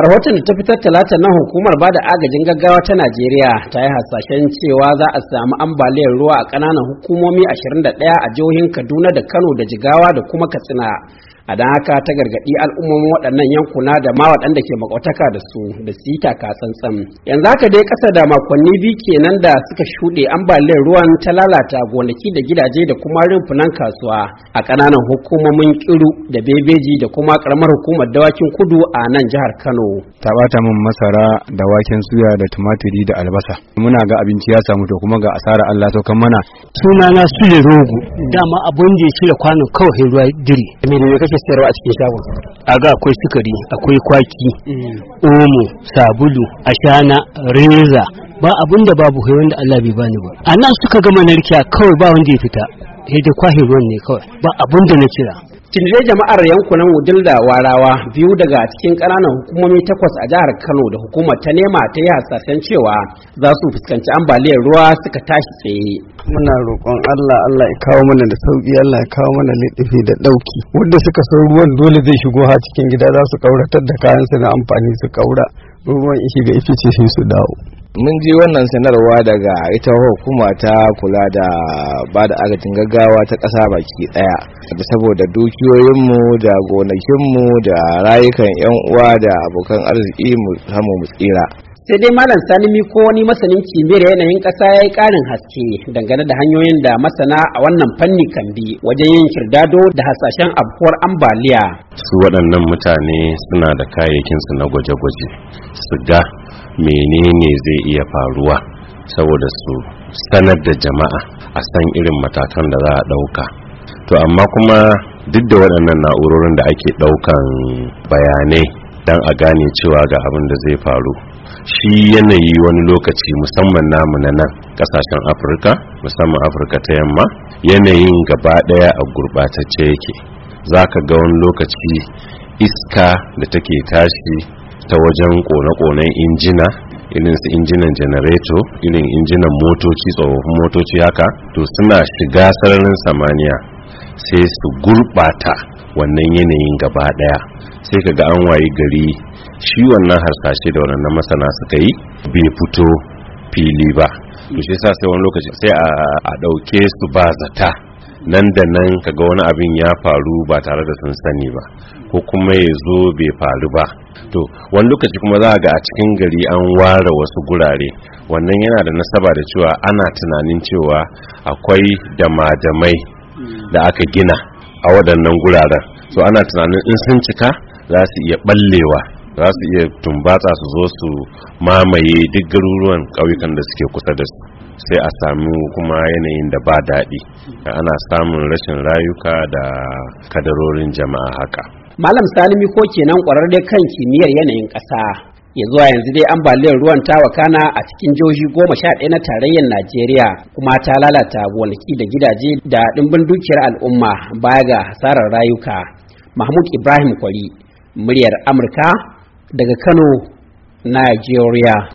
a rahoton da ta fitar talata na hukumar ba da agajin gaggawa ta najeriya ta yi hasashen cewa za a samu ambaliyar ruwa a ƙananan hukumomi 21 a jihohin kaduna da kano da jigawa da kuma katsina a don haka ta gargaɗi al'ummomin waɗannan yankuna da ma waɗanda ke makwataka da su da su yi taka tsantsan yanzu haka dai ƙasa da makonni biyu kenan da suka shuɗe ambaliyar ruwan ta lalata gonaki da gidaje da kuma rumfunan kasuwa a ƙananan hukumomin kiru da bebeji da kuma ƙaramar hukumar dawakin kudu a nan jihar kano ta bata min masara da waken suya da tumatiri da albasa muna ga abinci ya samu to kuma ga asara allah saukan mana sunana sule rogo dama abun da ya shirya kwanon kawai ruwa diri sayarwa a cikin shagon a ga akwai sukari akwai kwaki omo sabulu ashana reza ba abin da babu kai wanda Allah bai bani ba a nan suka gama narkiya kawai ba wanda ya fita sai dai ruwan ne kawai ba abin da na cira Tindire jama'ar yankunan Wudil da Warawa biyu daga cikin ƙananan hukumomi takwas a jihar Kano da hukumar ta nema ta yi hasashen cewa za su fuskanci ambaliyar ruwa suka tashi tsaye. Muna roƙon Allah Allah ya kawo mana da sauƙi Allah ya kawo mana liɗifi da ɗauki. Wanda suka san ruwan dole zai shigo ha cikin gida za su ƙauratar da kayansu na amfani su ƙaura. Ruwan ishi ga ifice sai su dawo. mun ji wannan sanarwa daga ita hukuma ta kula da ba da agajin gaggawa ta ƙasa baki ɗaya saboda dukiyoyinmu da gonakinmu da rayukan 'yan uwa da abokan arziki mu samu mu tsira sai dai malam salimi ko wani masanin kimiyyar yanayin ƙasa ya yi ƙarin haske dangane da hanyoyin da masana a wannan fanni kan bi wajen yin kirdado da hasashen afkuwar ambaliya su waɗannan mutane suna da kayayyakinsu na gwaje-gwaje su ga menene zai iya faruwa saboda su sanar da jama'a a san irin matakan da za a ɗauka to amma kuma duk da waɗannan na'urorin da ake ɗaukan bayanai don a gane cewa ga abin da zai faru shi yanayi wani lokaci musamman namu na nan kasashen afirka musamman afirka ta yamma yanayin gaba ɗaya a gurɓatacce yake za ka ga wani lokaci iska da take tashi ta wajen kone-konen injina irin su injinan janareto irin injinan motoci tsohon motoci haka to suna shiga sararin samaniya sai su gurbata wannan yanayin gaba daya sai ka ga an wayi gari shi wannan harsashe da wannan masana suka yi bai fito fili ba to shi sa sai wani lokaci sai a dauke su ba zata nan da nan kaga wani abin ya faru ba tare da sun sani ba ko kuma ya zo bai faru ba to wani lokaci kuma za a ga a cikin gari an ware wasu gurare wannan yana da nasaba da cewa ana tunanin cewa akwai dama-damai da aka gina a waɗannan guraren so ana tunanin in sun cika za su iya ɓallewa za su iya tumbatsa su zo su mamaye duk garuruwan ƙauyukan da suke kusa da su sai a sami kuma yanayin da ba daɗi ana samun rashin rayuka da kadarorin jama'a haka malam salimi ko kenan ƙwararre kan kimiyyar yanayin ƙasa ya zuwa yanzu dai ambaliyar ruwan ta wakana a cikin jihohi goma sha ɗaya na tarayyar najeriya kuma ta lalata gonaki da gidaje da ɗimbin dukiyar al'umma baya ga hasarar rayuka mahmud ibrahim kwari muryar amurka daga kano Najeriya.